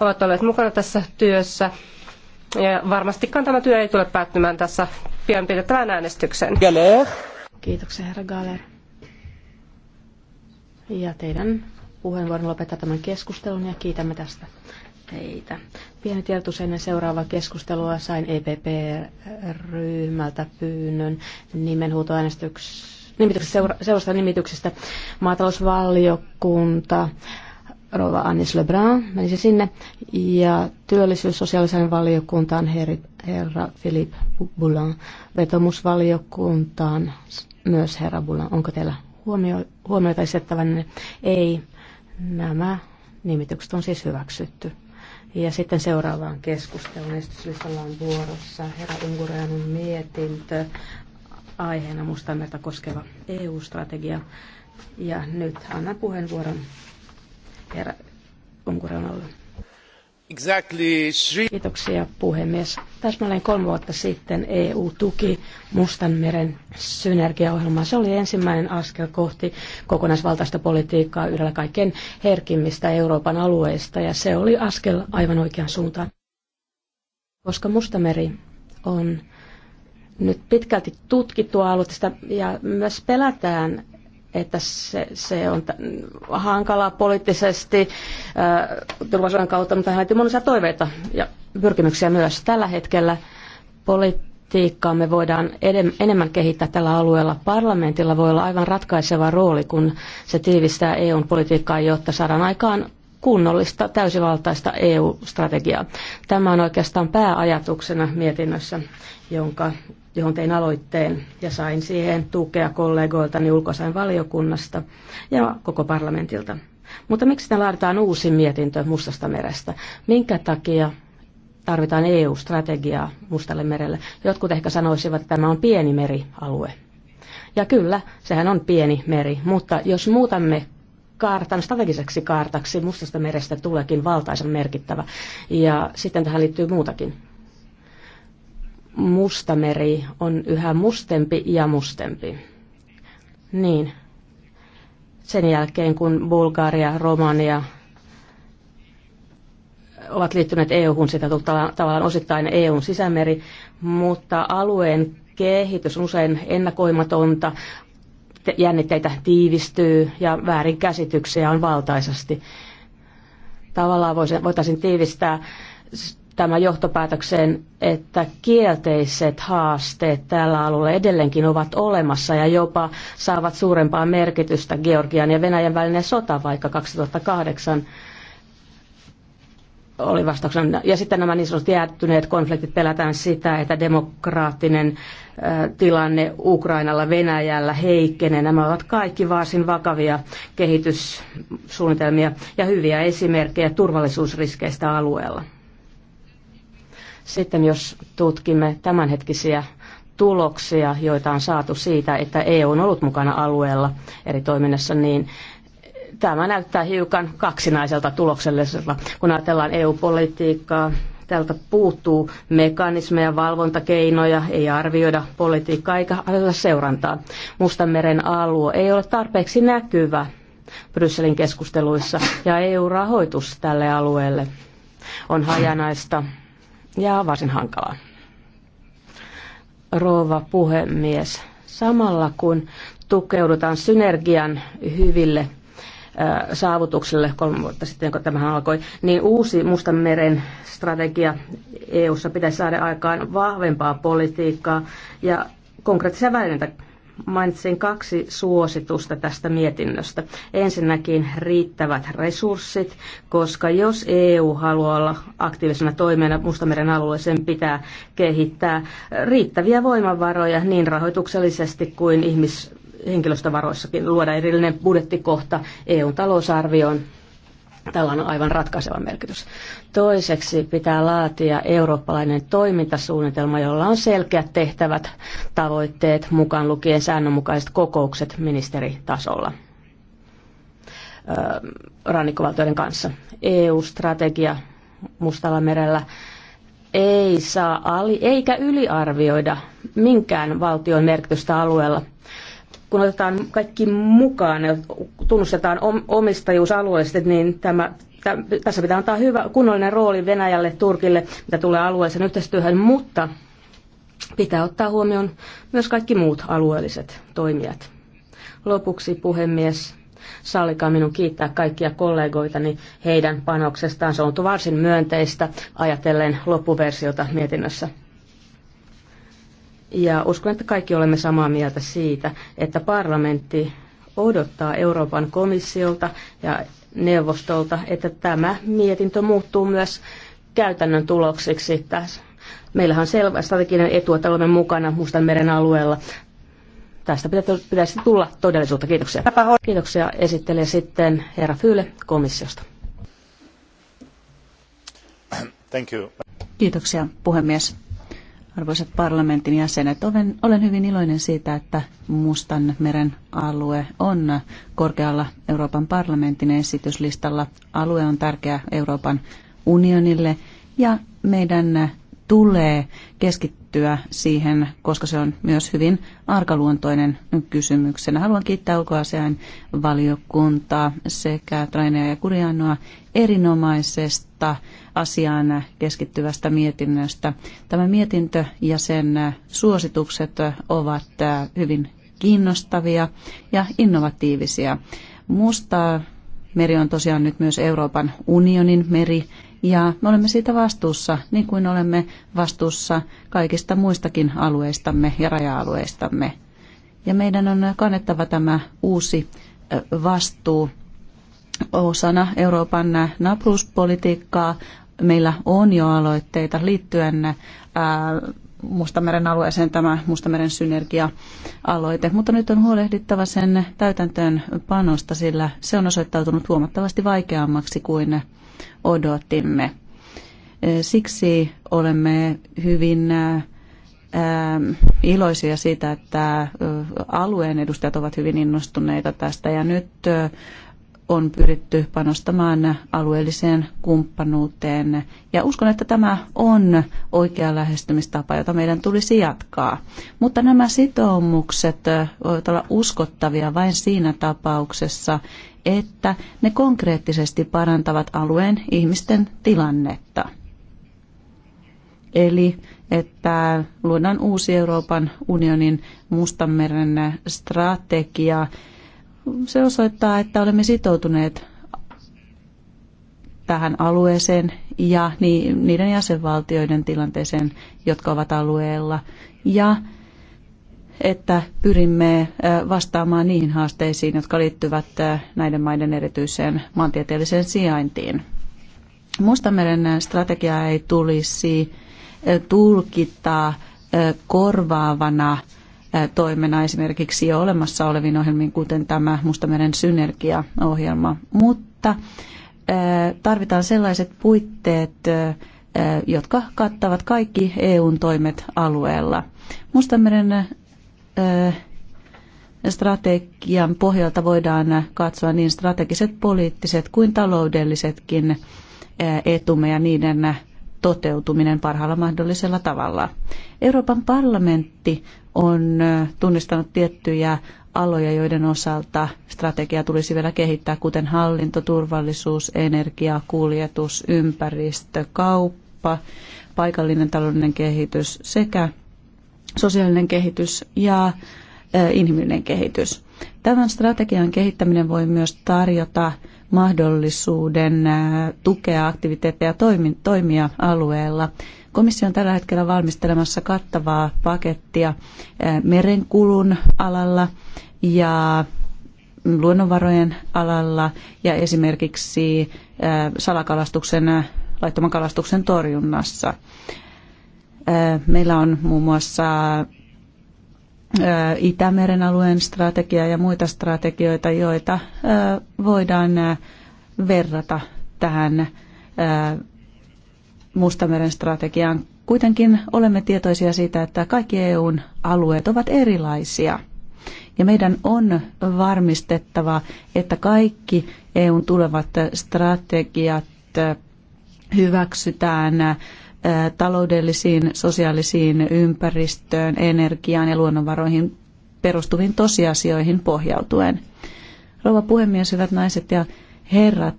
ovat olleet mukana tässä työssä. Ja varmastikaan tämä työ ei tule päättymään tässä pian pidettävään äänestykseen. Galer. Kiitoksia, herra Galer. Ja teidän puheenvuoron lopettaa tämän keskustelun ja kiitämme tästä teitä. Pieni tiedotus ennen seuraavaa keskustelua sain EPP-ryhmältä pyynnön nimenhuutoäänestyksestä seura- seurasta nimityksestä maatalousvaliokunta. Rova Annis Lebrun menisi sinne, ja työllisyys- sosiaalisen valiokuntaan her, herra Philippe Boulan, vetomusvaliokuntaan myös herra Boulan. Onko teillä huomio, huomioita esittävänne? Ei. Nämä nimitykset on siis hyväksytty. Ja sitten seuraavaan keskusteluun esityslistalla on vuorossa herra Ungureanun mietintö aiheena mustanmerta koskeva EU-strategia. Ja nyt annan puheenvuoron herra Unkuranalla. Exactly. Kiitoksia puhemies. Täsmälleen kolme vuotta sitten EU tuki Mustanmeren synergiaohjelmaa. Se oli ensimmäinen askel kohti kokonaisvaltaista politiikkaa yhdellä kaikkein herkimmistä Euroopan alueista ja se oli askel aivan oikeaan suuntaan. Koska Mustameri on nyt pitkälti tutkittua aluetta ja myös pelätään että se, se on hankalaa poliittisesti turvallisuuden kautta, mutta hän monia toiveita ja pyrkimyksiä myös. Tällä hetkellä politiikkaa me voidaan edem, enemmän kehittää tällä alueella. Parlamentilla voi olla aivan ratkaiseva rooli, kun se tiivistää EUn politiikkaa, jotta saadaan aikaan kunnollista, täysivaltaista EU-strategiaa. Tämä on oikeastaan pääajatuksena mietinnössä, jonka, johon tein aloitteen ja sain siihen tukea kollegoiltani ulkoisen valiokunnasta ja koko parlamentilta. Mutta miksi ne laaditaan uusi mietintö Mustasta merestä? Minkä takia tarvitaan EU-strategiaa Mustalle merelle? Jotkut ehkä sanoisivat, että tämä on pieni merialue. Ja kyllä, sehän on pieni meri, mutta jos muutamme kartan, strategiseksi kartaksi Mustasta merestä tuleekin valtaisen merkittävä. Ja sitten tähän liittyy muutakin. Mustameri on yhä mustempi ja mustempi. Niin. Sen jälkeen, kun Bulgaria, Romania ovat liittyneet EU-hun, sitä tavallaan osittain EUn sisämeri, mutta alueen kehitys on usein ennakoimatonta, jännitteitä tiivistyy ja väärinkäsityksiä on valtaisasti. Tavallaan voitaisiin tiivistää tämä johtopäätökseen, että kielteiset haasteet tällä alueella edelleenkin ovat olemassa ja jopa saavat suurempaa merkitystä Georgian ja Venäjän välinen sota, vaikka 2008 oli vastauksena. Ja sitten nämä niin sanotut jäättyneet konfliktit pelätään sitä, että demokraattinen tilanne Ukrainalla, Venäjällä heikkenee. Nämä ovat kaikki varsin vakavia kehityssuunnitelmia ja hyviä esimerkkejä turvallisuusriskeistä alueella. Sitten jos tutkimme tämänhetkisiä tuloksia, joita on saatu siitä, että EU on ollut mukana alueella eri toiminnassa, niin Tämä näyttää hiukan kaksinaiselta tuloksellisella, kun ajatellaan EU-politiikkaa. Tältä puuttuu mekanismeja, valvontakeinoja, ei arvioida politiikkaa eikä aseteta seurantaa. Mustanmeren alue ei ole tarpeeksi näkyvä Brysselin keskusteluissa ja EU-rahoitus tälle alueelle on hajanaista ja varsin hankalaa. Rouva puhemies, samalla kun tukeudutaan synergian hyville saavutukselle kolme vuotta sitten, kun tämä alkoi, niin uusi meren strategia EU:ssa pitäisi saada aikaan vahvempaa politiikkaa ja konkreettisia välineitä mainitsin kaksi suositusta tästä mietinnöstä. Ensinnäkin riittävät resurssit, koska jos EU haluaa olla aktiivisena toimijana Mustameren alueella, sen pitää kehittää riittäviä voimavaroja niin rahoituksellisesti kuin ihmis- henkilöstövaroissakin luoda erillinen budjettikohta eu talousarvioon. Tällä on aivan ratkaiseva merkitys. Toiseksi pitää laatia eurooppalainen toimintasuunnitelma, jolla on selkeät tehtävät, tavoitteet, mukaan lukien säännönmukaiset kokoukset ministeritasolla rannikkovaltioiden kanssa. EU-strategia Mustalla merellä ei saa ali, eikä yliarvioida minkään valtion merkitystä alueella – kun otetaan kaikki mukaan ja tunnustetaan omistajuus alueellisesti, niin tämä, täm, tässä pitää antaa hyvä kunnollinen rooli Venäjälle, Turkille, mitä tulee alueellisen yhteistyöhön, mutta pitää ottaa huomioon myös kaikki muut alueelliset toimijat. Lopuksi puhemies, sallikaa minun kiittää kaikkia kollegoitani heidän panoksestaan. Se on varsin myönteistä ajatellen loppuversiota mietinnössä. Ja uskon, että kaikki olemme samaa mieltä siitä, että parlamentti odottaa Euroopan komissiolta ja neuvostolta, että tämä mietintö muuttuu myös käytännön tuloksiksi. Meillähän on selvä strateginen etu, että olemme mukana Mustanmeren alueella. Tästä pitäisi tulla todellisuutta. Kiitoksia. Kiitoksia esittelee sitten herra Fyyle komissiosta. Thank you. Kiitoksia puhemies. Arvoisat parlamentin jäsenet, olen, olen hyvin iloinen siitä, että Mustan meren alue on korkealla Euroopan parlamentin esityslistalla. Alue on tärkeä Euroopan unionille ja meidän tulee keskittyä siihen, koska se on myös hyvin arkaluontoinen kysymyksenä. Haluan kiittää ulkoasiain valiokuntaa sekä Traineja ja Kurianoa erinomaisesta asiaan keskittyvästä mietinnöstä. Tämä mietintö ja sen suositukset ovat hyvin kiinnostavia ja innovatiivisia. Musta meri on tosiaan nyt myös Euroopan unionin meri ja me olemme siitä vastuussa, niin kuin olemme vastuussa kaikista muistakin alueistamme ja raja-alueistamme. Ja meidän on kannettava tämä uusi vastuu osana Euroopan napruuspolitiikkaa. Meillä on jo aloitteita liittyen Mustameren alueeseen tämä Mustameren synergia-aloite, mutta nyt on huolehdittava sen täytäntöön panosta, sillä se on osoittautunut huomattavasti vaikeammaksi kuin odotimme. Siksi olemme hyvin iloisia siitä, että alueen edustajat ovat hyvin innostuneita tästä. Ja nyt on pyritty panostamaan alueelliseen kumppanuuteen. Ja uskon, että tämä on oikea lähestymistapa, jota meidän tulisi jatkaa. Mutta nämä sitoumukset voivat olla uskottavia vain siinä tapauksessa, että ne konkreettisesti parantavat alueen ihmisten tilannetta. Eli että luodaan uusi Euroopan unionin Mustanmeren strategia, se osoittaa, että olemme sitoutuneet tähän alueeseen ja niiden jäsenvaltioiden tilanteeseen, jotka ovat alueella. Ja että pyrimme vastaamaan niihin haasteisiin, jotka liittyvät näiden maiden erityiseen maantieteelliseen sijaintiin. Mustameren strategia ei tulisi tulkita korvaavana toimena esimerkiksi jo olemassa oleviin ohjelmiin, kuten tämä Mustameren synergiaohjelma, mutta tarvitaan sellaiset puitteet, jotka kattavat kaikki EUn toimet alueella. Mustameren strategian pohjalta voidaan katsoa niin strategiset, poliittiset kuin taloudellisetkin etumme ja niiden toteutuminen parhaalla mahdollisella tavalla. Euroopan parlamentti on tunnistanut tiettyjä aloja, joiden osalta strategia tulisi vielä kehittää, kuten hallinto, turvallisuus, energia, kuljetus, ympäristö, kauppa, paikallinen taloudellinen kehitys sekä sosiaalinen kehitys ja inhimillinen kehitys. Tämän strategian kehittäminen voi myös tarjota mahdollisuuden tukea aktiviteetteja toimia alueella Komissio on tällä hetkellä valmistelemassa kattavaa pakettia eh, merenkulun alalla ja luonnonvarojen alalla ja esimerkiksi eh, salakalastuksen, laittoman kalastuksen torjunnassa. Eh, meillä on muun muassa Itämeren alueen strategia ja muita strategioita, joita voidaan verrata tähän Mustameren strategiaan. Kuitenkin olemme tietoisia siitä, että kaikki EUn alueet ovat erilaisia. Ja meidän on varmistettava, että kaikki EUn tulevat strategiat äh, hyväksytään äh, taloudellisiin, sosiaalisiin, ympäristöön, energiaan ja luonnonvaroihin perustuviin tosiasioihin pohjautuen. Rouva puhemies, hyvät naiset ja herrat,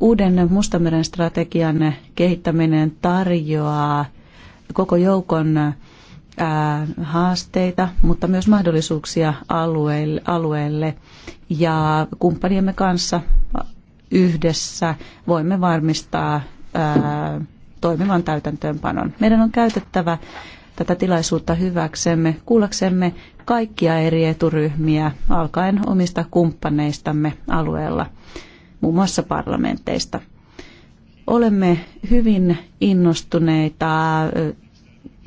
uuden Mustameren strategian kehittäminen tarjoaa koko joukon haasteita, mutta myös mahdollisuuksia alueelle, alueelle. Ja kumppaniemme kanssa yhdessä voimme varmistaa ää, toimivan täytäntöönpanon. Meidän on käytettävä tätä tilaisuutta hyväksemme, kuullaksemme kaikkia eri eturyhmiä, alkaen omista kumppaneistamme alueella muun muassa parlamenteista. Olemme hyvin innostuneita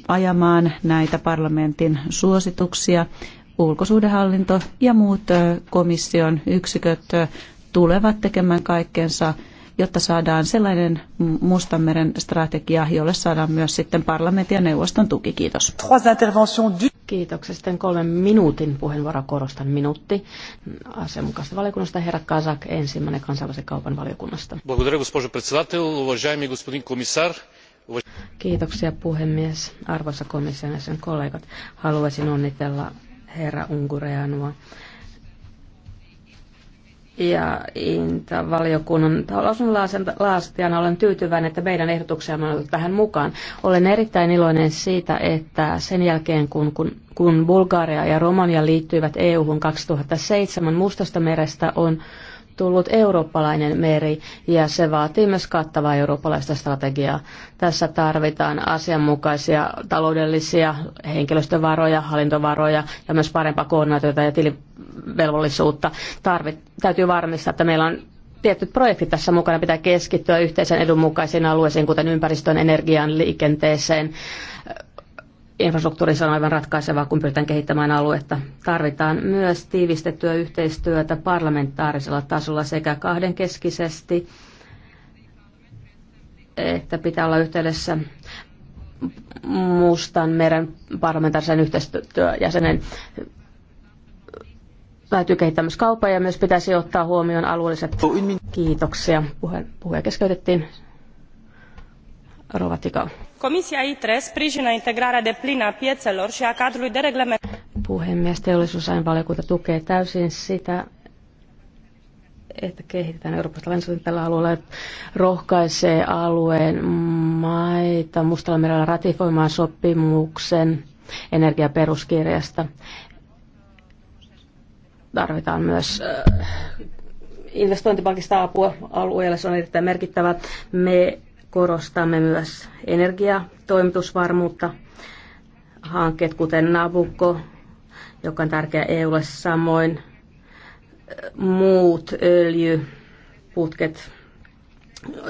ajamaan näitä parlamentin suosituksia. Ulkosuudenhallinto ja muut komission yksiköt tulevat tekemään kaikkensa jotta saadaan sellainen Mustanmeren strategia, jolle saadaan myös sitten parlamentin ja neuvoston tuki. Kiitos. Kiitoksia. Sitten kolmen minuutin puheenvuoro korostan minuutti. Asianmukaisesta valiokunnasta herra Kazak, ensimmäinen kansainvälisen kaupan valiokunnasta. Kiitoksia puhemies. Arvoisa komission kollegat, haluaisin onnitella herra Ungureanua ja Inta-valiokunnan lausunnonlaastijana olen tyytyväinen, että meidän ehdotuksemme on ollut tähän mukaan. Olen erittäin iloinen siitä, että sen jälkeen kun, kun, kun Bulgaria ja Romania liittyivät EU-hun 2007, Mustasta merestä on tullut eurooppalainen meri ja se vaatii myös kattavaa eurooppalaista strategiaa. Tässä tarvitaan asianmukaisia taloudellisia henkilöstövaroja, hallintovaroja ja myös parempaa koordinaatiota ja tilivelvollisuutta. Tarvit, täytyy varmistaa, että meillä on tietyt projektit tässä mukana. Pitää keskittyä yhteisen edun mukaisiin alueisiin, kuten ympäristön, energiaan, liikenteeseen. Infrastruktuurissa on aivan ratkaisevaa, kun pyritään kehittämään aluetta. Tarvitaan myös tiivistettyä yhteistyötä parlamentaarisella tasolla sekä kahdenkeskisesti että pitää olla yhteydessä Mustan meren parlamentaarisen yhteistyöjäsenen täytyy kehittää myös kauppaa ja myös pitäisi ottaa huomioon alueelliset kiitoksia. Puhe, puhe keskeytettiin. Rova Komissia Comisia ITRE sprijină integrarea de plină a piețelor și a cadrului de Puhemies, teollisuusainvaliokunta tukee täysin sitä, että kehitetään Euroopasta lainsäädäntöä tällä alueella, että rohkaisee alueen maita Mustalla merellä ratifoimaan sopimuksen energiaperuskirjasta. Tarvitaan myös äh, investointipankista apua alueelle, se on erittäin merkittävä. Me korostamme myös energiatoimitusvarmuutta. Hankkeet kuten Nabucco, joka on tärkeä EUlle samoin muut öljyputket,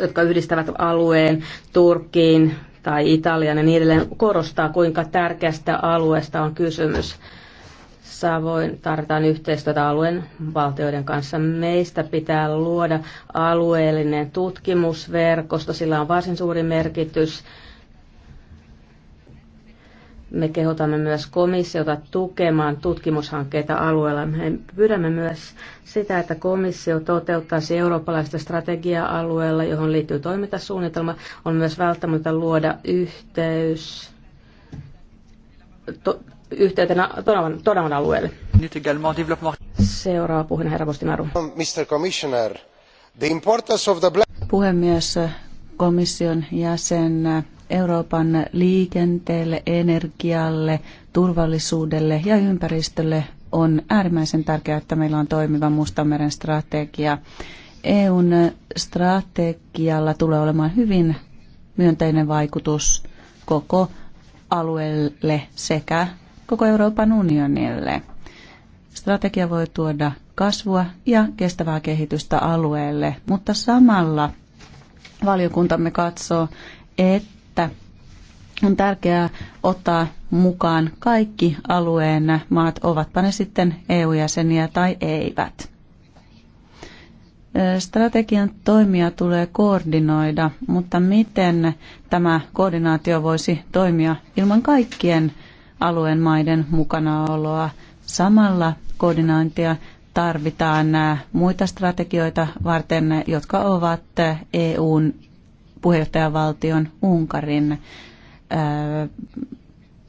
jotka yhdistävät alueen Turkkiin tai Italiaan ja niin edelleen, korostaa, kuinka tärkeästä alueesta on kysymys. Savoin tarvitaan yhteistyötä alueen valtioiden kanssa. Meistä pitää luoda alueellinen tutkimusverkosto, sillä on varsin suuri merkitys me kehotamme myös komissiota tukemaan tutkimushankkeita alueella. Me pyydämme myös sitä, että komissio toteuttaisi eurooppalaista strategiaa alueella, johon liittyy toimintasuunnitelma. On myös välttämätöntä luoda yhteys to, yhteytenä todavan, alueelle. Seuraava puheen herra Postinaru. Mr. Commissioner, the importance of the black... Puhemies, komission jäsen, Euroopan liikenteelle, energialle, turvallisuudelle ja ympäristölle on äärimmäisen tärkeää, että meillä on toimiva Mustanmeren strategia. EUn strategialla tulee olemaan hyvin myönteinen vaikutus koko alueelle sekä koko Euroopan unionille. Strategia voi tuoda kasvua ja kestävää kehitystä alueelle, mutta samalla valiokuntamme katsoo, että että on tärkeää ottaa mukaan kaikki alueen maat, ovatpa ne sitten EU-jäseniä tai eivät. Strategian toimia tulee koordinoida, mutta miten tämä koordinaatio voisi toimia ilman kaikkien alueen maiden mukanaoloa? Samalla koordinointia tarvitaan muita strategioita varten, jotka ovat EUn puheenjohtajavaltion Unkarin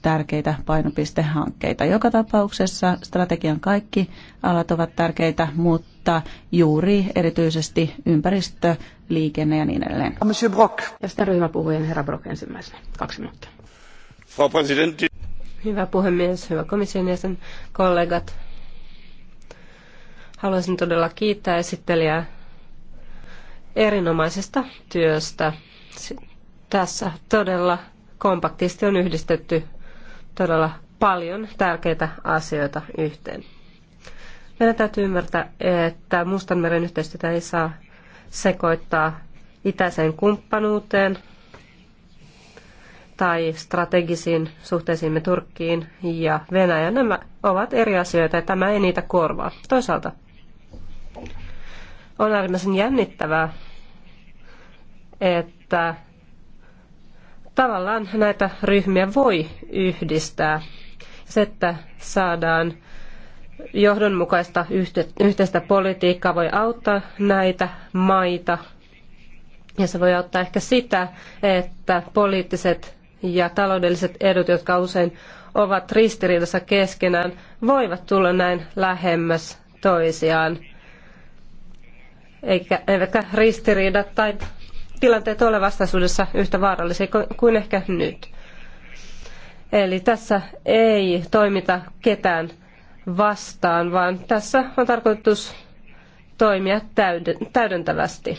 tärkeitä painopistehankkeita. Joka tapauksessa strategian kaikki alat ovat tärkeitä, mutta juuri erityisesti ympäristö, liikenne ja niin edelleen. Monsieur Brock. Ja sitten ryhmäpuhujan herra Brock ensimmäisenä. Kaksi minuuttia. Frau Presidentti. Hyvä puhemies, hyvä komission jäsen, kollegat. Haluaisin todella kiittää esittelijää erinomaisesta työstä. Tässä todella kompaktisti on yhdistetty todella paljon tärkeitä asioita yhteen. Meidän täytyy ymmärtää, että Mustanmeren yhteistyötä ei saa sekoittaa itäiseen kumppanuuteen tai strategisiin suhteisiimme Turkkiin ja Venäjään. Nämä ovat eri asioita ja tämä ei niitä korvaa. Toisaalta on äärimmäisen jännittävää, että tavallaan näitä ryhmiä voi yhdistää. Se, että saadaan johdonmukaista yhteistä politiikkaa, voi auttaa näitä maita. Ja se voi auttaa ehkä sitä, että poliittiset ja taloudelliset edut, jotka usein ovat ristiriidassa keskenään, voivat tulla näin lähemmäs toisiaan eikä, eivätkä ristiriidat tai tilanteet ole vastaisuudessa yhtä vaarallisia kuin ehkä nyt. Eli tässä ei toimita ketään vastaan, vaan tässä on tarkoitus toimia täydentävästi.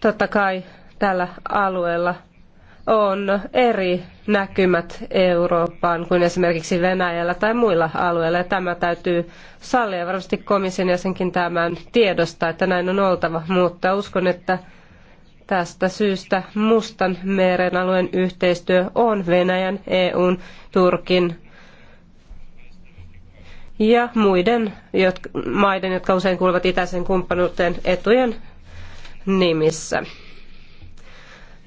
Totta kai tällä alueella on eri näkymät Eurooppaan kuin esimerkiksi Venäjällä tai muilla alueilla. Ja tämä täytyy sallia varmasti komission jäsenkin tämän tiedosta, että näin on oltava. Mutta uskon, että tästä syystä Mustan meren alueen yhteistyö on Venäjän, EUn, Turkin ja muiden jotka, maiden, jotka usein kuuluvat itäisen kumppanuuteen etujen nimissä.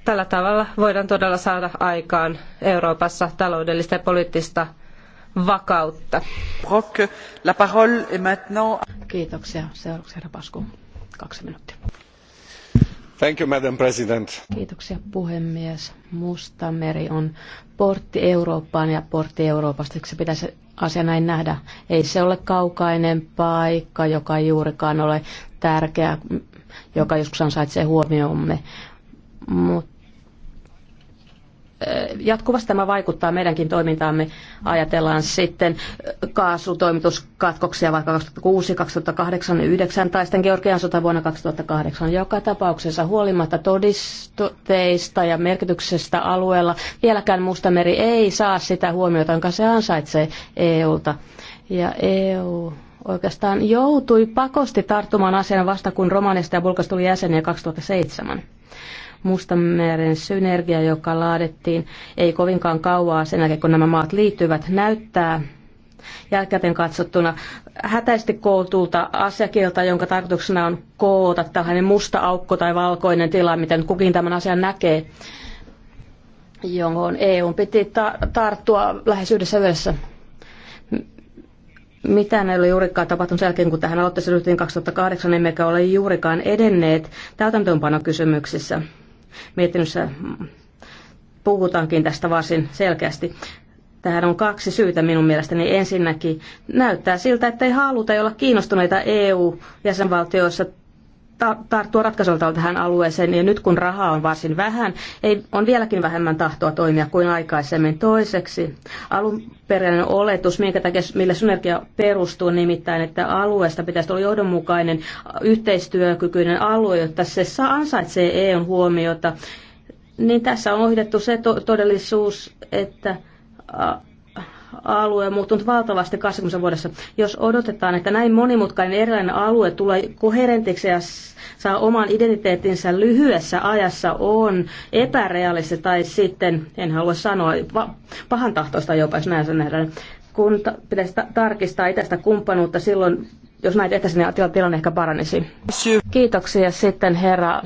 Tällä tavalla voidaan todella saada aikaan Euroopassa taloudellista ja poliittista vakautta. Brock, la parole est maintenant... Kiitoksia. Seuraavaksi herra Pasku. Kaksi minuuttia. Thank you, Madam President. Kiitoksia puhemies. Mustameri on portti Eurooppaan ja portti Euroopasta. Se pitäisi asia näin nähdä. Ei se ole kaukainen paikka, joka ei juurikaan ole tärkeä, joka joskus ansaitsee huomiomme. Mutta jatkuvasti tämä vaikuttaa meidänkin toimintaamme. Ajatellaan sitten kaasutoimituskatkoksia vaikka 2006, 2008, 2009 tai sitten Georgian sota vuonna 2008. Joka tapauksessa huolimatta todisteista ja merkityksestä alueella vieläkään Mustameri ei saa sitä huomiota, jonka se ansaitsee EUlta. Ja EU oikeastaan joutui pakosti tarttumaan asiaan vasta kun Romanista ja Bulgasta tuli jäseniä 2007. Mustanmeren synergia, joka laadettiin, ei kovinkaan kauaa sen jälkeen, kun nämä maat liittyvät, näyttää jälkikäteen katsottuna hätäisesti kootulta asiakirjalta, jonka tarkoituksena on koota tällainen musta aukko tai valkoinen tila, miten kukin tämän asian näkee, johon EU piti tarttua lähes yhdessä yössä. Mitään ei ole juurikaan tapahtunut sen jälkeen, kun tähän aloitteeseen 2008, emmekä ole juurikaan edenneet täytäntöönpanokysymyksissä. kysymyksissä mietinnössä puhutaankin tästä varsin selkeästi. Tähän on kaksi syytä minun mielestäni. Ensinnäkin näyttää siltä, että ei haluta olla kiinnostuneita EU-jäsenvaltioissa tarttua ratkaisulla tähän alueeseen, ja nyt kun rahaa on varsin vähän, ei, on vieläkin vähemmän tahtoa toimia kuin aikaisemmin. Toiseksi alunperäinen oletus, minkä takia, millä synergia perustuu, nimittäin, että alueesta pitäisi olla johdonmukainen yhteistyökykyinen alue, jotta se saa ansaitsee EUn huomiota, niin tässä on ohitettu se to- todellisuus, että alue on muuttunut valtavasti 20 vuodessa. Jos odotetaan, että näin monimutkainen erilainen alue tulee koherentiksi ja saa oman identiteettinsä lyhyessä ajassa, on epärealistista. tai sitten, en halua sanoa, pahan tahtoista, jopa, jos näin sen nähdään. Kun ta- pitäisi ta- tarkistaa itästä kumppanuutta, silloin jos näin tehtäisiin, niin tilanne ehkä paranisi. Kiitoksia sitten herra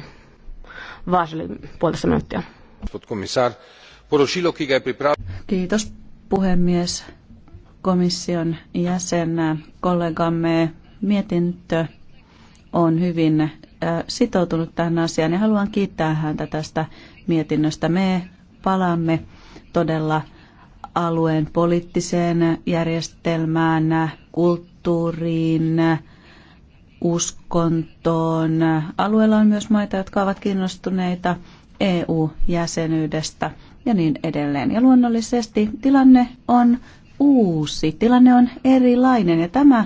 Vasili, puolitoista minuuttia. Kiitos puhemies, komission jäsen, kollegamme mietintö on hyvin äh, sitoutunut tähän asiaan ja haluan kiittää häntä tästä mietinnöstä. Me palaamme todella alueen poliittiseen järjestelmään, kulttuuriin, uskontoon. Alueella on myös maita, jotka ovat kiinnostuneita EU-jäsenyydestä ja niin edelleen. Ja luonnollisesti tilanne on uusi, tilanne on erilainen ja tämä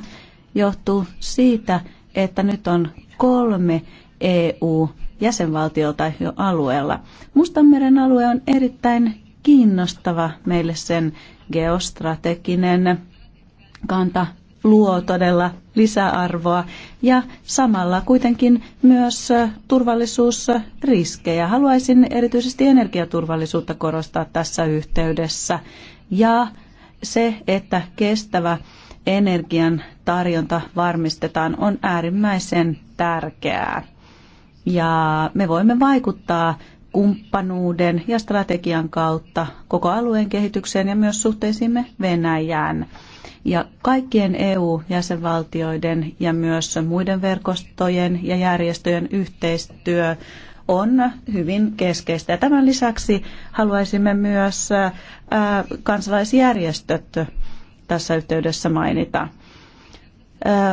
johtuu siitä, että nyt on kolme EU-jäsenvaltiota jo alueella. Mustanmeren alue on erittäin kiinnostava meille sen geostrateginen kanta luo todella lisäarvoa ja samalla kuitenkin myös turvallisuusriskejä. Haluaisin erityisesti energiaturvallisuutta korostaa tässä yhteydessä ja se, että kestävä energian tarjonta varmistetaan on äärimmäisen tärkeää. Ja me voimme vaikuttaa kumppanuuden ja strategian kautta koko alueen kehitykseen ja myös suhteisiimme Venäjään. Ja kaikkien EU-jäsenvaltioiden ja myös muiden verkostojen ja järjestöjen yhteistyö on hyvin keskeistä. Ja tämän lisäksi haluaisimme myös kansalaisjärjestöt tässä yhteydessä mainita.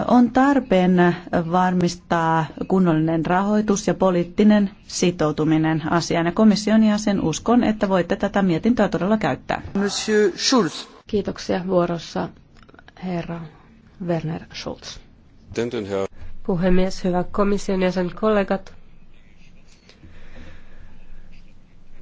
On tarpeen varmistaa kunnollinen rahoitus ja poliittinen sitoutuminen asiaan. Ja komission jäsen uskon, että voitte tätä mietintöä todella käyttää. Monsieur Schulz. Kiitoksia vuorossa herra Werner Schulz. Puhemies, hyvä komission jäsen kollegat.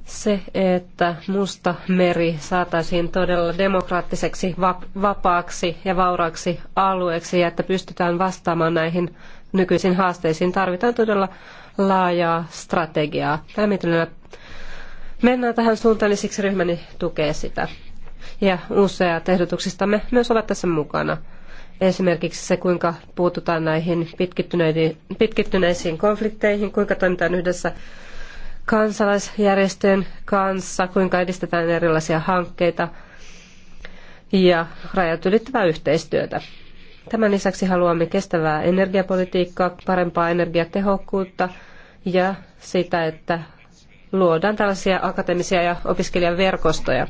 Se, että Musta meri saataisiin todella demokraattiseksi, vapaaksi ja vauraaksi alueeksi ja että pystytään vastaamaan näihin nykyisiin haasteisiin, tarvitaan todella laajaa strategiaa. Tämä mennään tähän suuntaan, niin siksi ryhmäni tukee sitä ja useat ehdotuksistamme myös ovat tässä mukana. Esimerkiksi se, kuinka puututaan näihin pitkittyneisiin konflikteihin, kuinka toimitaan yhdessä kansalaisjärjestöjen kanssa, kuinka edistetään erilaisia hankkeita ja rajat ylittävää yhteistyötä. Tämän lisäksi haluamme kestävää energiapolitiikkaa, parempaa energiatehokkuutta ja sitä, että luodaan tällaisia akateemisia ja opiskelijaverkostoja.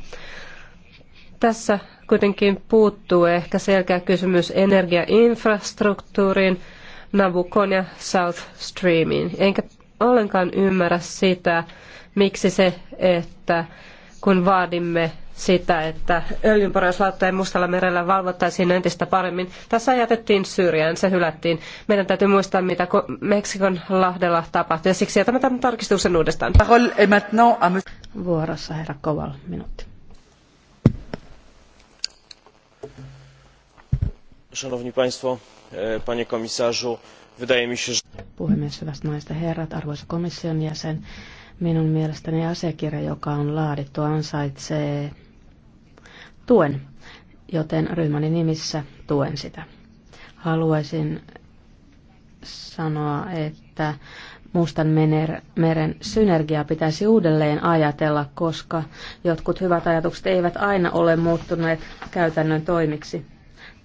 Tässä kuitenkin puuttuu ehkä selkeä kysymys energiainfrastruktuuriin, Nabucon ja South Streamiin. Enkä ollenkaan ymmärrä sitä, miksi se, että kun vaadimme sitä, että öljynporauslauttoja Mustalla merellä valvottaisiin entistä paremmin. Tässä jätettiin syrjään, se hylättiin. Meidän täytyy muistaa, mitä Meksikon lahdella tapahtui, ja siksi jätämme tämän tarkistuksen uudestaan. Vuorossa herra Koval, minuutti. E, panie komisarzu wydaje mi się że. puhemies hyvät naiset ja herrat arvoisa komission jäsen minun mielestäni asiakirja joka on laadittu ansaitsee tuen joten ryhmäni nimissä tuen sitä. Haluaisin sanoa, että Mustan meren synergiaa pitäisi uudelleen ajatella, koska jotkut hyvät ajatukset eivät aina ole muuttuneet käytännön toimiksi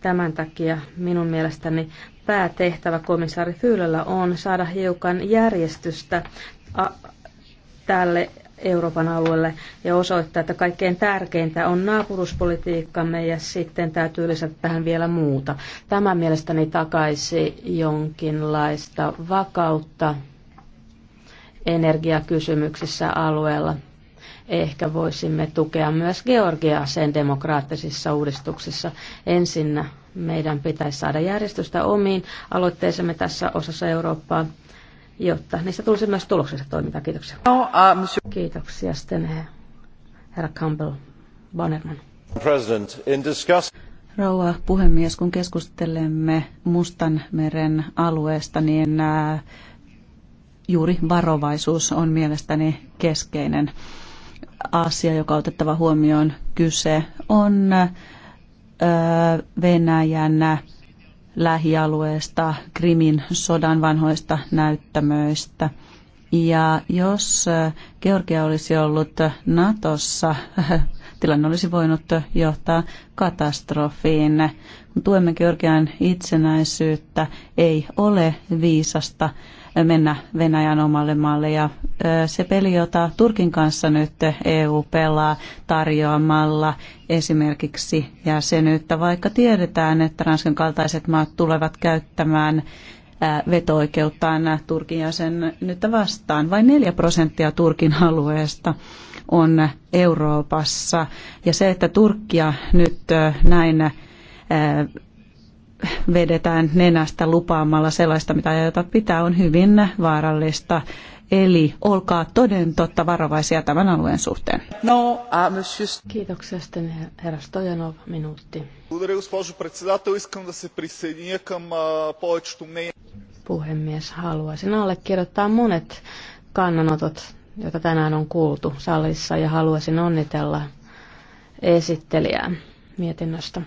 Tämän takia minun mielestäni päätehtävä komissaari Fyylällä on saada hiukan järjestystä tälle Euroopan alueelle ja osoittaa, että kaikkein tärkeintä on naapuruspolitiikkamme ja sitten täytyy lisätä tähän vielä muuta. Tämä mielestäni takaisi jonkinlaista vakautta energiakysymyksissä alueella Ehkä voisimme tukea myös Georgiaa sen demokraattisissa uudistuksissa. Ensin meidän pitäisi saada järjestystä omiin aloitteisemme tässä osassa Eurooppaa, jotta niistä tulisi myös tuloksessa toimintaa. Kiitoksia. No, uh, Kiitoksia sitten herra Campbell Bannerman. President, in discuss- Rouva puhemies, kun keskustelemme Mustanmeren alueesta, niin äh, juuri varovaisuus on mielestäni keskeinen asia, joka on otettava huomioon kyse, on Venäjän lähialueesta, Krimin sodan vanhoista näyttämöistä. Ja jos Georgia olisi ollut Natossa, tilanne olisi voinut johtaa katastrofiin. Kun tuemme Georgian itsenäisyyttä, ei ole viisasta mennä Venäjän omalle maalle. Ja se peli, jota Turkin kanssa nyt EU pelaa tarjoamalla esimerkiksi jäsenyyttä, vaikka tiedetään, että Ranskan kaltaiset maat tulevat käyttämään veto-oikeuttaan Turkin nyt vastaan. Vain 4 prosenttia Turkin alueesta on Euroopassa. Ja se, että Turkkia nyt näin vedetään nenästä lupaamalla sellaista, mitä ajata pitää, on hyvin vaarallista. Eli olkaa toden totta varovaisia tämän alueen suhteen. No, a monsieur... Kiitoksia sitten herra Stojanov, minuutti. Puhemies, haluaisin allekirjoittaa monet kannanotot, joita tänään on kuultu salissa ja haluaisin onnitella esittelijää mietinnöstä.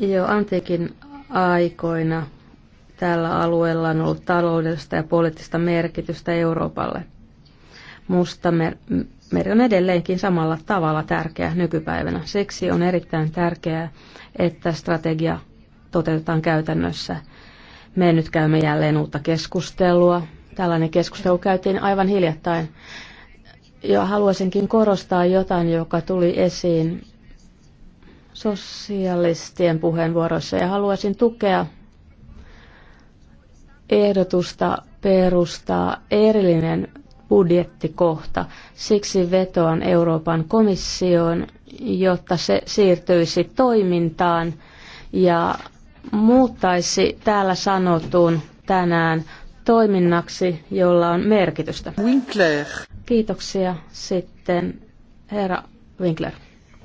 Joo, antiikin aikoina tällä alueella on ollut taloudellista ja poliittista merkitystä Euroopalle. Musta meri on edelleenkin samalla tavalla tärkeä nykypäivänä. Seksi on erittäin tärkeää, että strategia toteutetaan käytännössä. Me nyt käymme jälleen uutta keskustelua. Tällainen keskustelu käytiin aivan hiljattain. Ja haluaisinkin korostaa jotain, joka tuli esiin sosialistien puheenvuoroissa ja haluaisin tukea ehdotusta perustaa erillinen budjettikohta. Siksi vetoan Euroopan komissioon, jotta se siirtyisi toimintaan ja muuttaisi täällä sanotun tänään toiminnaksi, jolla on merkitystä. Winkler. Kiitoksia sitten herra Winkler.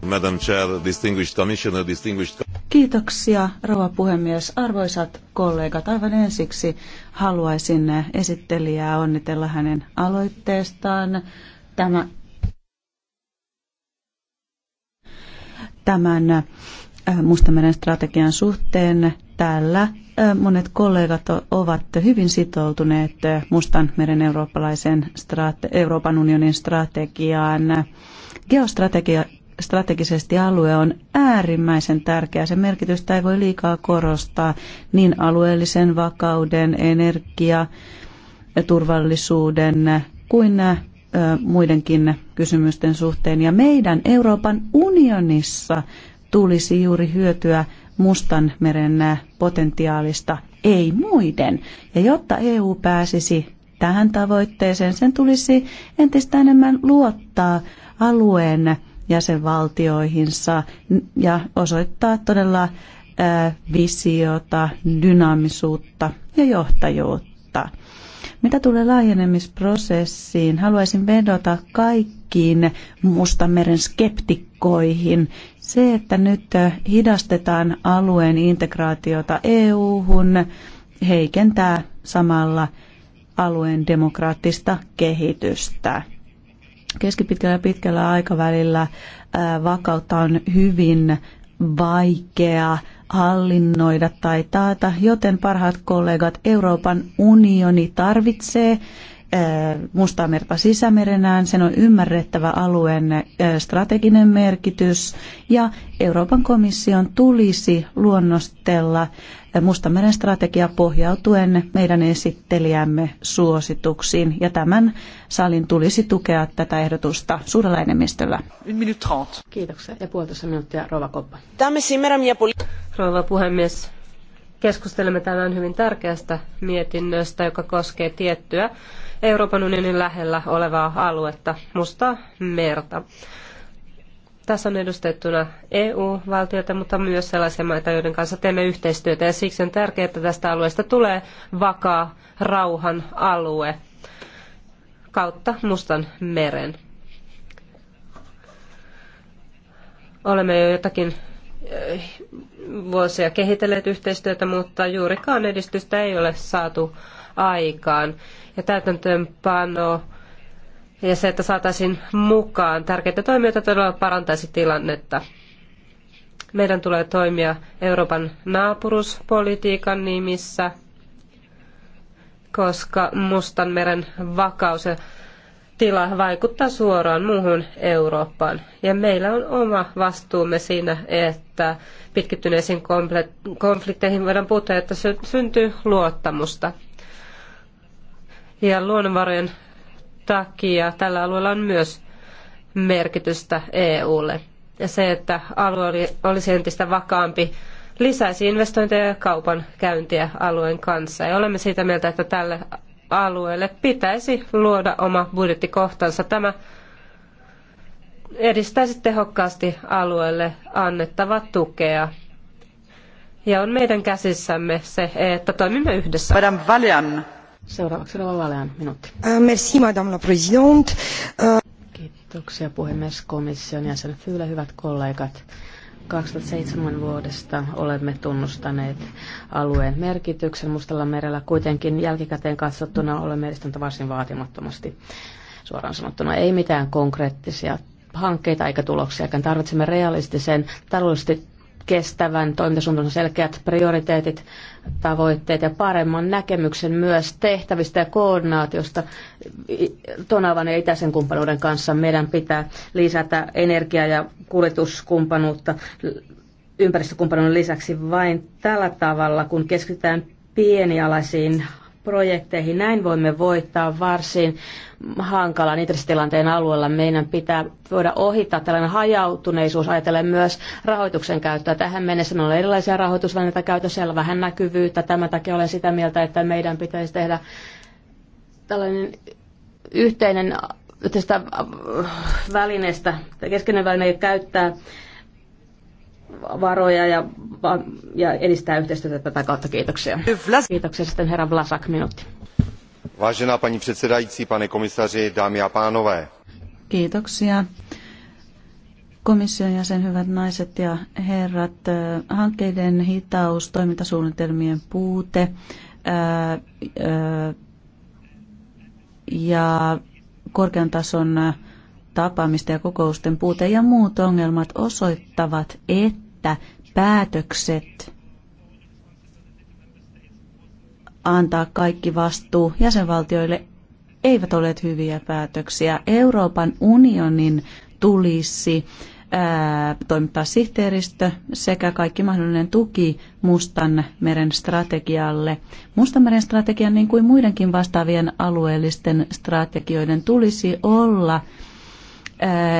Madam Chair, distinguished commissioner, distinguished... Kiitoksia, rouva puhemies. Arvoisat kollegat, aivan ensiksi haluaisin esittelijää onnitella hänen aloitteestaan. Tämä, tämän äh, Mustameren strategian suhteen täällä äh, monet kollegat ovat hyvin sitoutuneet Mustan meren eurooppalaisen Euroopan unionin strategiaan. Geostrategia strategisesti alue on äärimmäisen tärkeä. Sen merkitystä ei voi liikaa korostaa niin alueellisen vakauden, energia, turvallisuuden kuin muidenkin kysymysten suhteen. Ja meidän Euroopan unionissa tulisi juuri hyötyä Mustan meren potentiaalista, ei muiden. Ja jotta EU pääsisi tähän tavoitteeseen, sen tulisi entistä enemmän luottaa alueen jäsenvaltioihinsa ja osoittaa todella visiota, dynaamisuutta ja johtajuutta. Mitä tulee laajenemisprosessiin, haluaisin vedota kaikkiin Mustanmeren skeptikkoihin. Se, että nyt hidastetaan alueen integraatiota EU-hun, heikentää samalla alueen demokraattista kehitystä keskipitkällä ja pitkällä aikavälillä vakautta on hyvin vaikea hallinnoida tai taata, joten parhaat kollegat, Euroopan unioni tarvitsee Mustaamerta sisämerenään. Sen on ymmärrettävä alueen strateginen merkitys ja Euroopan komission tulisi luonnostella Mustameren strategia pohjautuen meidän esittelijämme suosituksiin ja tämän salin tulisi tukea tätä ehdotusta suurella enemmistöllä. Kiitoksia ja puolitoista minuuttia Rova Koppa. Rouva puhemies, keskustelemme tänään hyvin tärkeästä mietinnöstä, joka koskee tiettyä Euroopan unionin lähellä olevaa aluetta, musta merta. Tässä on edustettuna EU-valtioita, mutta myös sellaisia maita, joiden kanssa teemme yhteistyötä. Ja siksi on tärkeää, että tästä alueesta tulee vakaa rauhan alue kautta Mustan meren. Olemme jo jotakin eh, vuosia kehitelleet yhteistyötä, mutta juurikaan edistystä ei ole saatu aikaan. Ja täytäntöönpano ja se, että saataisiin mukaan tärkeitä toimijoita todella parantaisi tilannetta. Meidän tulee toimia Euroopan naapuruspolitiikan nimissä, koska Mustanmeren vakaus ja tila vaikuttaa suoraan muuhun Eurooppaan. Ja meillä on oma vastuumme siinä, että pitkittyneisiin konflikteihin voidaan puuttua, että syntyy luottamusta. Ja luonnonvarojen takia tällä alueella on myös merkitystä EUlle. Ja se, että alue olisi entistä vakaampi, lisäisi investointeja ja kaupan käyntiä alueen kanssa. Ja olemme siitä mieltä, että tälle alueelle pitäisi luoda oma budjettikohtansa. Tämä edistäisi tehokkaasti alueelle annettavaa tukea. Ja on meidän käsissämme se, että toimimme yhdessä. Madame Valian. Seuraavaksi Rova Valean minuutti. Euh, merci, madame la présidente. Euh, Kiitoksia puhemies komission jäsen Fyyle, hyvät kollegat. 2007 vuodesta olemme tunnustaneet alueen merkityksen Mustalla merellä. Kuitenkin jälkikäteen katsottuna olemme edistäneet varsin vaatimattomasti. Suoraan sanottuna ei mitään konkreettisia hankkeita eikä tuloksiakaan. Tarvitsemme realistisen, taloudellisesti kestävän toimintasuunnitelman selkeät prioriteetit, tavoitteet ja paremman näkemyksen myös tehtävistä ja koordinaatiosta Tonavan ja itäisen kumppanuuden kanssa. Meidän pitää lisätä energia- ja kuljetuskumppanuutta ympäristökumppanuuden lisäksi vain tällä tavalla, kun keskitytään pienialaisiin projekteihin. Näin voimme voittaa varsin hankalan intressitilanteen alueella. Meidän pitää voida ohittaa tällainen hajautuneisuus ajatellen myös rahoituksen käyttöä. Tähän mennessä meillä on erilaisia rahoitusvälineitä käytössä, siellä vähän näkyvyyttä. Tämän takia olen sitä mieltä, että meidän pitäisi tehdä tällainen yhteinen tästä äh, välineestä, keskeinen väline käyttää varoja ja, ja edistää yhteistyötä tätä kautta. Kiitoksia. Kiitoksia sitten herra Vlasak, minuutti. Vážená paní předsedající, pane komisaři, dámy a pánové. Kiitoksia. Komission jäsen, hyvät naiset ja herrat, äh, hankkeiden hitaus, toimintasuunnitelmien puute ää, äh, ää, äh, ja korkean tason tapaamisten ja kokousten puute ja muut ongelmat osoittavat, että päätökset antaa kaikki vastuu jäsenvaltioille eivät ole hyviä päätöksiä. Euroopan unionin tulisi ää, toimittaa sihteeristö sekä kaikki mahdollinen tuki Mustan meren strategialle. meren strategian niin kuin muidenkin vastaavien alueellisten strategioiden tulisi olla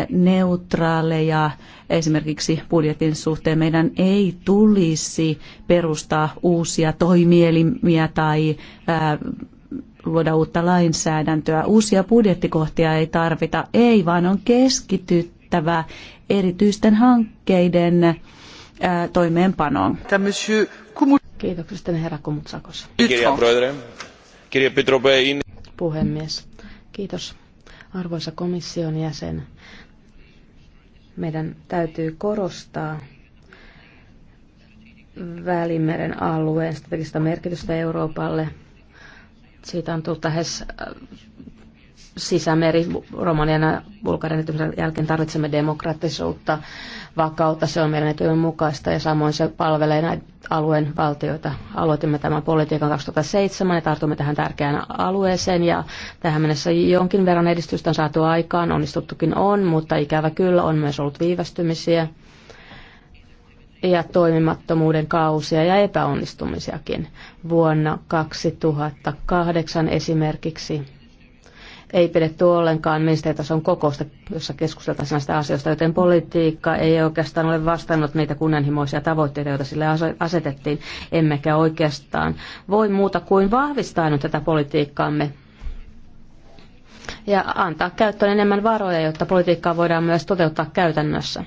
neutraaleja esimerkiksi budjetin suhteen. Meidän ei tulisi perustaa uusia toimielimiä tai luoda uutta lainsäädäntöä. Uusia budjettikohtia ei tarvita, ei vaan on keskityttävä erityisten hankkeiden toimeenpanoon. Kiitoksesta herra Kumutsakos. Puhemies, kiitos. Arvoisa komission jäsen, meidän täytyy korostaa Välimeren alueen strategista merkitystä Euroopalle. Siitä on tullut lähes sisämeri Romanian ja Bulgarian jälkeen tarvitsemme demokraattisuutta, vakautta, se on meidän etujen mukaista ja samoin se palvelee näitä alueen valtioita. Aloitimme tämän politiikan 2007 ja tartumme tähän tärkeään alueeseen ja tähän mennessä jonkin verran edistystä on saatu aikaan, onnistuttukin on, mutta ikävä kyllä on myös ollut viivästymisiä ja toimimattomuuden kausia ja epäonnistumisiakin. Vuonna 2008 esimerkiksi ei pidetty ollenkaan ministeritason kokousta, jossa keskusteltaisiin näistä asioista, joten politiikka ei oikeastaan ole vastannut niitä kunnianhimoisia tavoitteita, joita sille asetettiin, emmekä oikeastaan voi muuta kuin vahvistaa nyt tätä politiikkaamme ja antaa käyttöön enemmän varoja, jotta politiikkaa voidaan myös toteuttaa käytännössä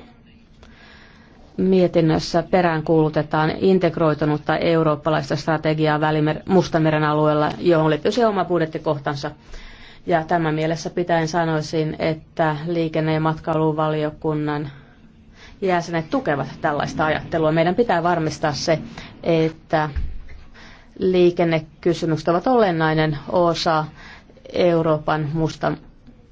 mietinnössä peräänkuulutetaan integroitunutta eurooppalaista strategiaa Välimer- Mustameren alueella, johon liittyy se oma budjettikohtansa. Ja tämän mielessä pitäen sanoisin, että liikenne- ja matkailuvaliokunnan jäsenet tukevat tällaista ajattelua. Meidän pitää varmistaa se, että liikennekysymykset ovat olennainen osa Euroopan musta,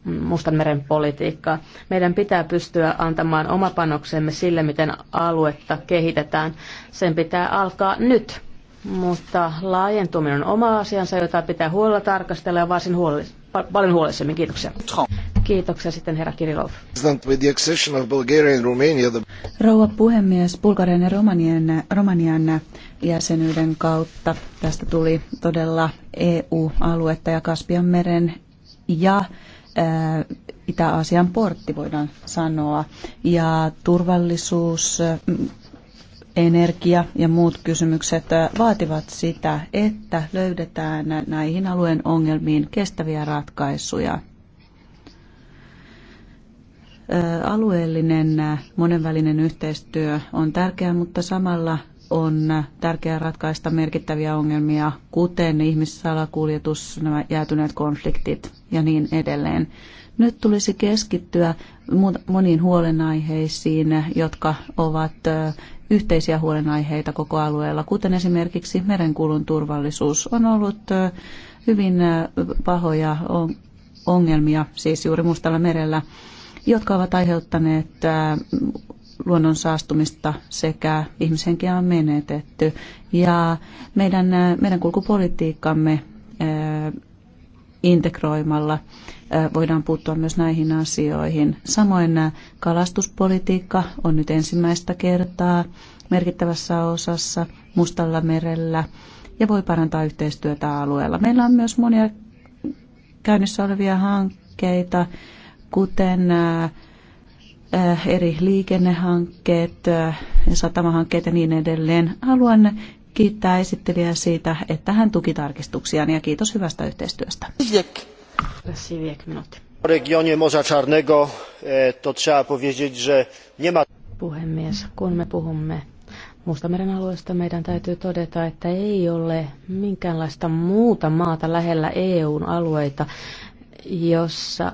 Mustanmeren politiikkaa. Meidän pitää pystyä antamaan oma panoksemme sille, miten aluetta kehitetään. Sen pitää alkaa nyt mutta laajentuminen on oma asiansa, jota pitää huolella tarkastella ja varsin huolellis- paljon huolellisemmin. Kiitoksia. Kiitoksia sitten herra Kirilov. Rouva puhemies, Bulgarian ja Romanian, Romanian jäsenyyden kautta tästä tuli todella EU-aluetta ja Kaspian meren ja Itä-Aasian portti voidaan sanoa. Ja turvallisuus energia ja muut kysymykset äh, vaativat sitä, että löydetään näihin alueen ongelmiin kestäviä ratkaisuja. Äh, alueellinen äh, monenvälinen yhteistyö on tärkeää, mutta samalla on tärkeää ratkaista merkittäviä ongelmia, kuten ihmissalakuljetus, nämä jäätyneet konfliktit ja niin edelleen. Nyt tulisi keskittyä moniin huolenaiheisiin, jotka ovat yhteisiä huolenaiheita koko alueella, kuten esimerkiksi merenkulun turvallisuus. On ollut hyvin pahoja ongelmia, siis juuri Mustalla merellä, jotka ovat aiheuttaneet luonnon saastumista sekä ihmishenkiä on menetetty. Ja meidän merenkulkupolitiikkamme integroimalla voidaan puuttua myös näihin asioihin. Samoin kalastuspolitiikka on nyt ensimmäistä kertaa merkittävässä osassa Mustalla merellä ja voi parantaa yhteistyötä alueella. Meillä on myös monia käynnissä olevia hankkeita, kuten eri liikennehankkeet, satamahankkeet ja niin edelleen. Haluan kiittää esittelijää siitä, että hän tuki tarkistuksiaan ja kiitos hyvästä yhteistyöstä. Jek regionie morza czarnego e, to trzeba powiedzieć że nie ma. puhemies kun me puhumme Mustameren alueesta meidän täytyy todeta, että ei ole minkäänlaista muuta maata lähellä EUn alueita, jossa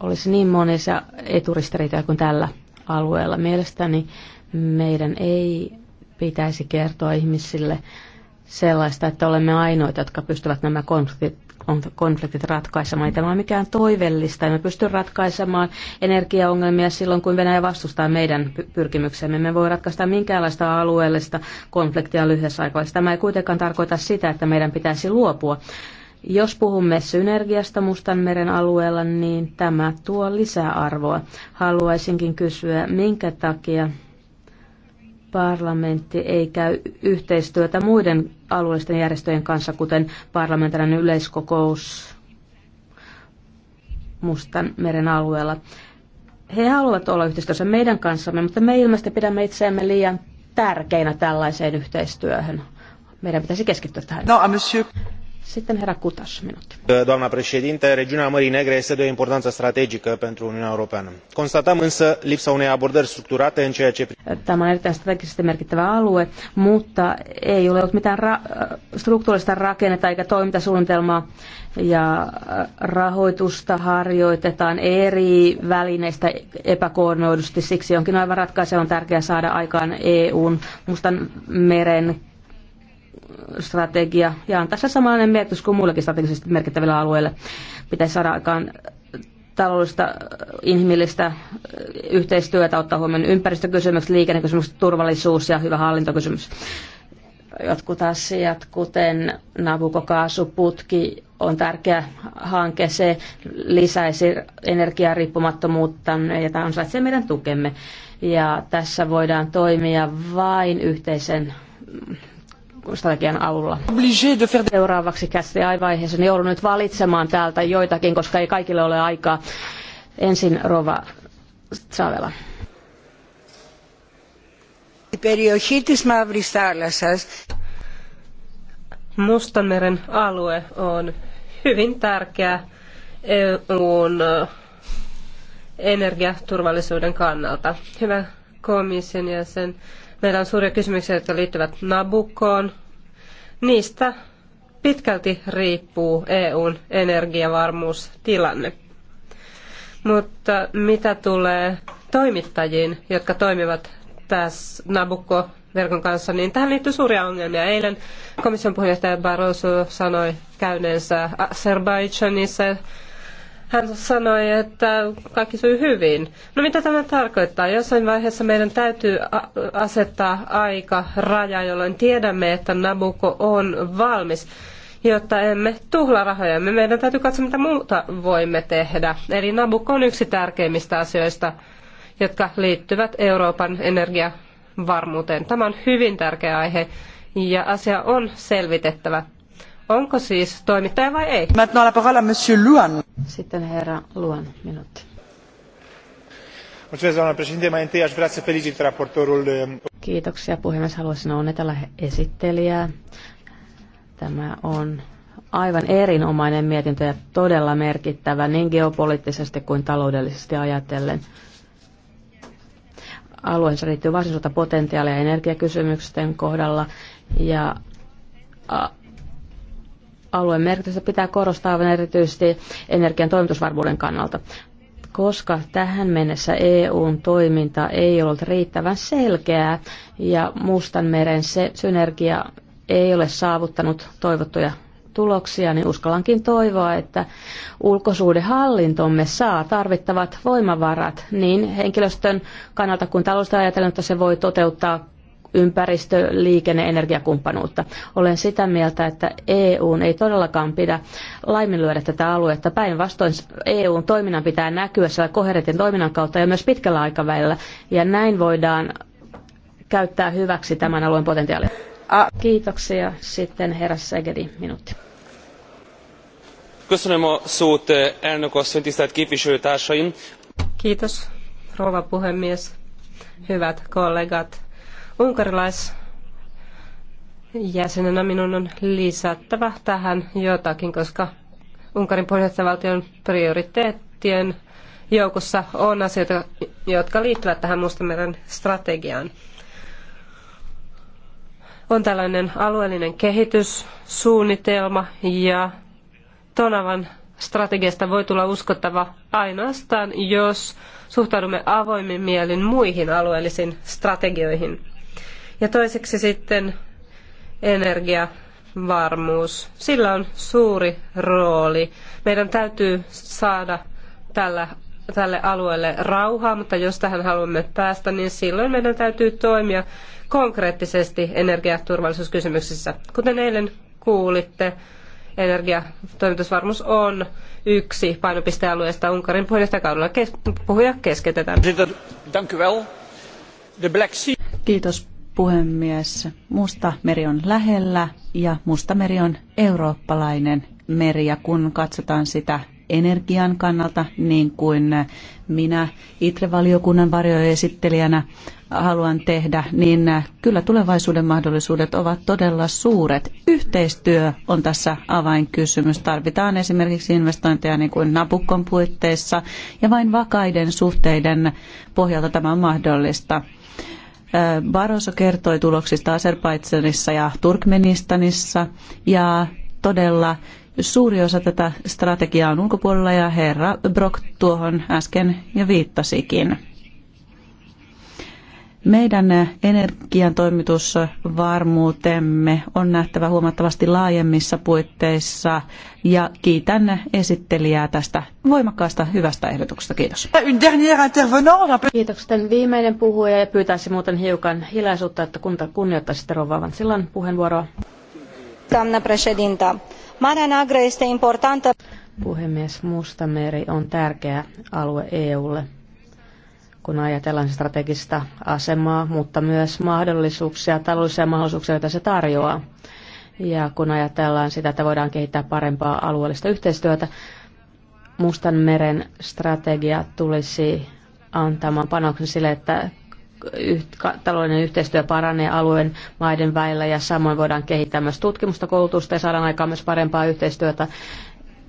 olisi niin monia eturistiriitoja kuin tällä alueella. Mielestäni meidän ei pitäisi kertoa ihmisille sellaista, että olemme ainoita, jotka pystyvät nämä konfliktit on konfliktit ratkaisemaan. Ei tämä ole mikään toivellista. Me pysty ratkaisemaan energiaongelmia silloin, kun Venäjä vastustaa meidän pyrkimyksemme. Me voi ratkaista minkäänlaista alueellista konfliktia lyhyessä aikaa. Tämä ei kuitenkaan tarkoita sitä, että meidän pitäisi luopua. Jos puhumme synergiasta Mustanmeren alueella, niin tämä tuo lisäarvoa. Haluaisinkin kysyä, minkä takia parlamentti ei käy yhteistyötä muiden alueellisten järjestöjen kanssa, kuten parlamentaarinen yleiskokous Mustan meren alueella. He haluavat olla yhteistyössä meidän kanssamme, mutta me ilmeisesti pidämme itseämme liian tärkeinä tällaiseen yhteistyöhön. Meidän pitäisi keskittyä tähän. No, sitten herra Kutas, minut. Doamna președinte, regiunea Mării Negre este de o importanță strategică pentru Uniunea Europeană. Constatăm însă lipsa unei abordări structurate în ceea ce... Tämä on erittäin strategisesti merkittävä alue, mutta ei ole ollut mitään ra- struktuurista rakennetta eikä toimintasuunnitelmaa ja rahoitusta harjoitetaan eri välineistä epäkoordinoidusti. Siksi onkin aivan ratkaisevan tärkeää saada aikaan EUn mustan meren strategia. Ja on tässä samanlainen merkitys kuin muillakin strategisesti merkittävillä alueilla. Pitäisi saada aikaan taloudellista, inhimillistä yhteistyötä, ottaa huomioon ympäristökysymykset, liikennekysymykset, turvallisuus ja hyvä hallintokysymys. Jotkut asiat, kuten Nabucco-kaasuputki, on tärkeä hanke. Se lisäisi energiariippumattomuutta ja tämä se meidän tukemme. Ja tässä voidaan toimia vain yhteisen strategian avulla. Seuraavaksi kästi aivaiheessa, niin joudun nyt valitsemaan täältä joitakin, koska ei kaikille ole aikaa. Ensin Rova Savela. Η Mustanmeren alue on hyvin tärkeä EUn energiaturvallisuuden kannalta. Hyvä komission jäsen, Meillä on suuria kysymyksiä, jotka liittyvät Nabukkoon, Niistä pitkälti riippuu EUn energiavarmuustilanne. Mutta mitä tulee toimittajiin, jotka toimivat tässä Nabukko verkon kanssa, niin tähän liittyy suuria ongelmia. Eilen komission puheenjohtaja Barroso sanoi käyneensä Azerbaidžanissa hän sanoi, että kaikki sujui hyvin. No mitä tämä tarkoittaa? Jossain vaiheessa meidän täytyy asettaa aika raja, jolloin tiedämme, että Nabuko on valmis jotta emme tuhla rahoja. Meidän täytyy katsoa, mitä muuta voimme tehdä. Eli Nabucco on yksi tärkeimmistä asioista, jotka liittyvät Euroopan energiavarmuuteen. Tämä on hyvin tärkeä aihe ja asia on selvitettävä. Onko siis toimittaja vai ei? Maintenant la parole à monsieur Luan. Sitten herra Luan, minuutti. Mulțumesc, doamna președinte. Mai întâi aș vrea să felicit raportorul. Eh, Kiitoksia puhemies. Haluaisin onnitella esittelijää. Tämä on aivan erinomainen mietintö ja todella merkittävä niin geopoliittisesti kuin taloudellisesti ajatellen. Alueensa liittyy varsin suurta potentiaalia energiakysymysten kohdalla ja alueen merkitystä pitää korostaa aivan erityisesti energian toimitusvarmuuden kannalta koska tähän mennessä EUn toiminta ei ollut riittävän selkeää ja Mustanmeren se synergia ei ole saavuttanut toivottuja tuloksia, niin uskallankin toivoa, että ulkosuudehallintomme saa tarvittavat voimavarat niin henkilöstön kannalta kuin talousta ajatellen, että se voi toteuttaa ympäristö-, liikenne-, energiakumppanuutta. Olen sitä mieltä, että EU ei todellakaan pidä laiminlyödä tätä aluetta. Päinvastoin EUn toiminnan pitää näkyä siellä koherentin toiminnan kautta ja myös pitkällä aikavälillä. Ja näin voidaan käyttää hyväksi tämän alueen potentiaalia. Kiitoksia. Sitten herra Segedi, minuutti. Kiitos, rouva puhemies. Hyvät kollegat. Unkarilaisjäsenenä minun on lisättävä tähän jotakin, koska Unkarin puheenjohtajavaltion prioriteettien joukossa on asioita, jotka liittyvät tähän Mustameren strategiaan. On tällainen alueellinen kehityssuunnitelma ja Tonavan strategiasta voi tulla uskottava ainoastaan, jos suhtaudumme avoimin mielin muihin alueellisiin strategioihin. Ja toiseksi sitten energiavarmuus. Sillä on suuri rooli. Meidän täytyy saada tällä, tälle alueelle rauhaa, mutta jos tähän haluamme päästä, niin silloin meidän täytyy toimia konkreettisesti energiaturvallisuuskysymyksissä. Kuten eilen kuulitte, energiatoimitusvarmuus on yksi painopistealueesta Unkarin puheenjohtajakaudella. Kes- puhuja keskeytetään. Kiitos puhemies. Musta meri on lähellä ja Musta meri on eurooppalainen meri ja kun katsotaan sitä energian kannalta, niin kuin minä ITRE-valiokunnan varjoesittelijänä haluan tehdä, niin kyllä tulevaisuuden mahdollisuudet ovat todella suuret. Yhteistyö on tässä avainkysymys. Tarvitaan esimerkiksi investointeja niin kuin Napukkon puitteissa ja vain vakaiden suhteiden pohjalta tämä on mahdollista. Barroso kertoi tuloksista Azerbaidsanissa ja Turkmenistanissa ja todella suuri osa tätä strategiaa on ulkopuolella ja herra Brock tuohon äsken jo viittasikin. Meidän energiantoimitusvarmuutemme on nähtävä huomattavasti laajemmissa puitteissa ja kiitän esittelijää tästä voimakkaasta hyvästä ehdotuksesta. Kiitos. Kiitoksia. Viimeinen puhuja ja pyytäisi muuten hiukan hiljaisuutta, että kunta kunnioittaisi Rovaavan sillan puheenvuoroa. Doamna președinta, Puhemies, Mustameri on tärkeä alue EUlle kun ajatellaan strategista asemaa, mutta myös mahdollisuuksia, taloudellisia mahdollisuuksia, joita se tarjoaa. Ja kun ajatellaan sitä, että voidaan kehittää parempaa alueellista yhteistyötä, Mustan meren strategia tulisi antamaan panoksen sille, että taloudellinen yhteistyö paranee alueen maiden väillä ja samoin voidaan kehittää myös tutkimusta, koulutusta ja saadaan aikaan myös parempaa yhteistyötä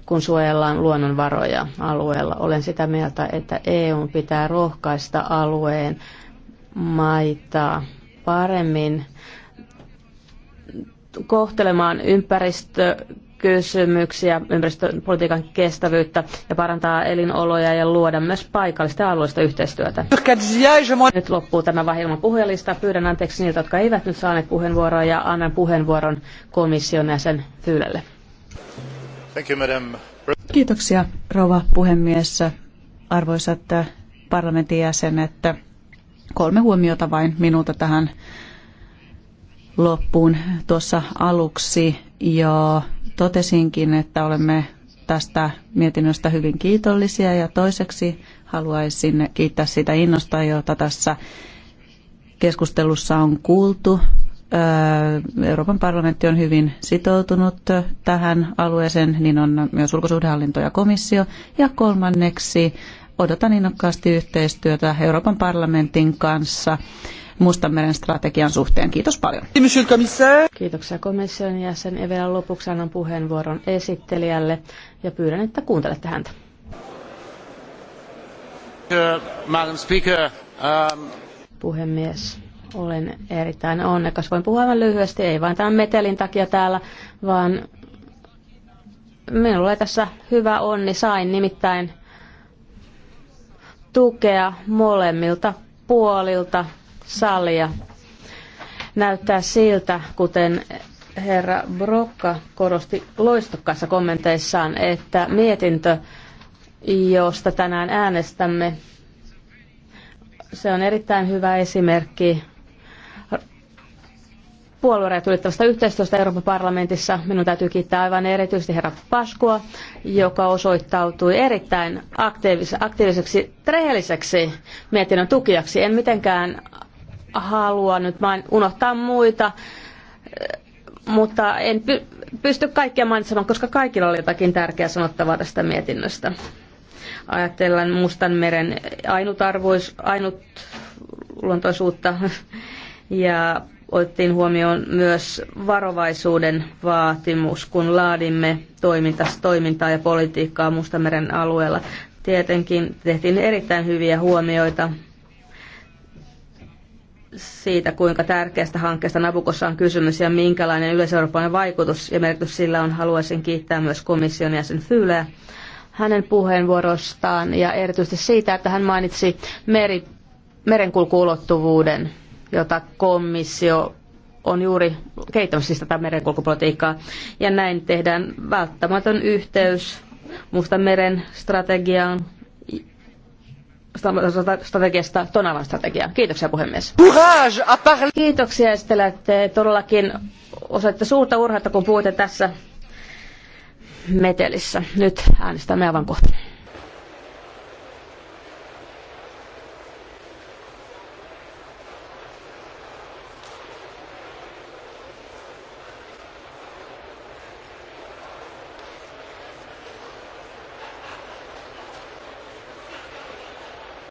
kun suojellaan luonnonvaroja alueella. Olen sitä mieltä, että EU pitää rohkaista alueen maita paremmin kohtelemaan ympäristö kysymyksiä, ympäristöpolitiikan kestävyyttä ja parantaa elinoloja ja luoda myös paikallista ja alueellista yhteistyötä. Nyt loppuu tämä vaihe puhujalista. Pyydän anteeksi niiltä, jotka eivät nyt saaneet puheenvuoroa ja annan puheenvuoron komission jäsen Fyylälle. Kiitoksia, rouva puhemies. Arvoisat parlamentin jäsenet, kolme huomiota vain minulta tähän loppuun. Tuossa aluksi jo totesinkin, että olemme tästä mietinnöstä hyvin kiitollisia ja toiseksi haluaisin kiittää sitä innosta, jota tässä keskustelussa on kuultu Euroopan parlamentti on hyvin sitoutunut tähän alueeseen, niin on myös ulkosuhdehallinto ja komissio. Ja kolmanneksi odotan innokkaasti yhteistyötä Euroopan parlamentin kanssa Mustanmeren strategian suhteen. Kiitos paljon. Kiitoksia komission jäsen ja vielä lopuksi annan puheenvuoron esittelijälle ja pyydän, että kuuntelette häntä. Madam Speaker, um... Puhemies, olen erittäin onnekas. Voin puhua aivan lyhyesti, ei vain tämän metelin takia täällä, vaan minulla oli tässä hyvä onni. Sain nimittäin tukea molemmilta puolilta salia. Näyttää siltä, kuten herra Brokka korosti loistokkaissa kommenteissaan, että mietintö, josta tänään äänestämme, se on erittäin hyvä esimerkki puolueet ylittävästä yhteistyöstä Euroopan parlamentissa. Minun täytyy kiittää aivan erityisesti herra Paskua, joka osoittautui erittäin aktiivis- aktiiviseksi, rehelliseksi mietinnön tukijaksi. En mitenkään halua nyt vain unohtaa muita, mutta en py- pysty kaikkia mainitsemaan, koska kaikilla oli jotakin tärkeää sanottavaa tästä mietinnöstä. Ajatellaan Mustanmeren ainutarvois, ainutluontoisuutta ja otettiin huomioon myös varovaisuuden vaatimus, kun laadimme toimintaa ja politiikkaa Mustameren alueella. Tietenkin tehtiin erittäin hyviä huomioita siitä, kuinka tärkeästä hankkeesta Nabukossa on kysymys ja minkälainen yleiseurooppalainen vaikutus ja merkitys sillä on. Haluaisin kiittää myös komission jäsen Fyleä hänen puheenvuorostaan ja erityisesti siitä, että hän mainitsi meri, merenkulkuulottuvuuden jota komissio on juuri kehittämässä siis tätä merenkulkupolitiikkaa. Ja näin tehdään välttämätön yhteys meren strategiaan, strategiasta Tonalan strategiaan. Kiitoksia puhemies. Kiitoksia Estelä, että todellakin osoitte suurta urhetta, kun puhutte tässä metelissä. Nyt äänestämme aivan kohta.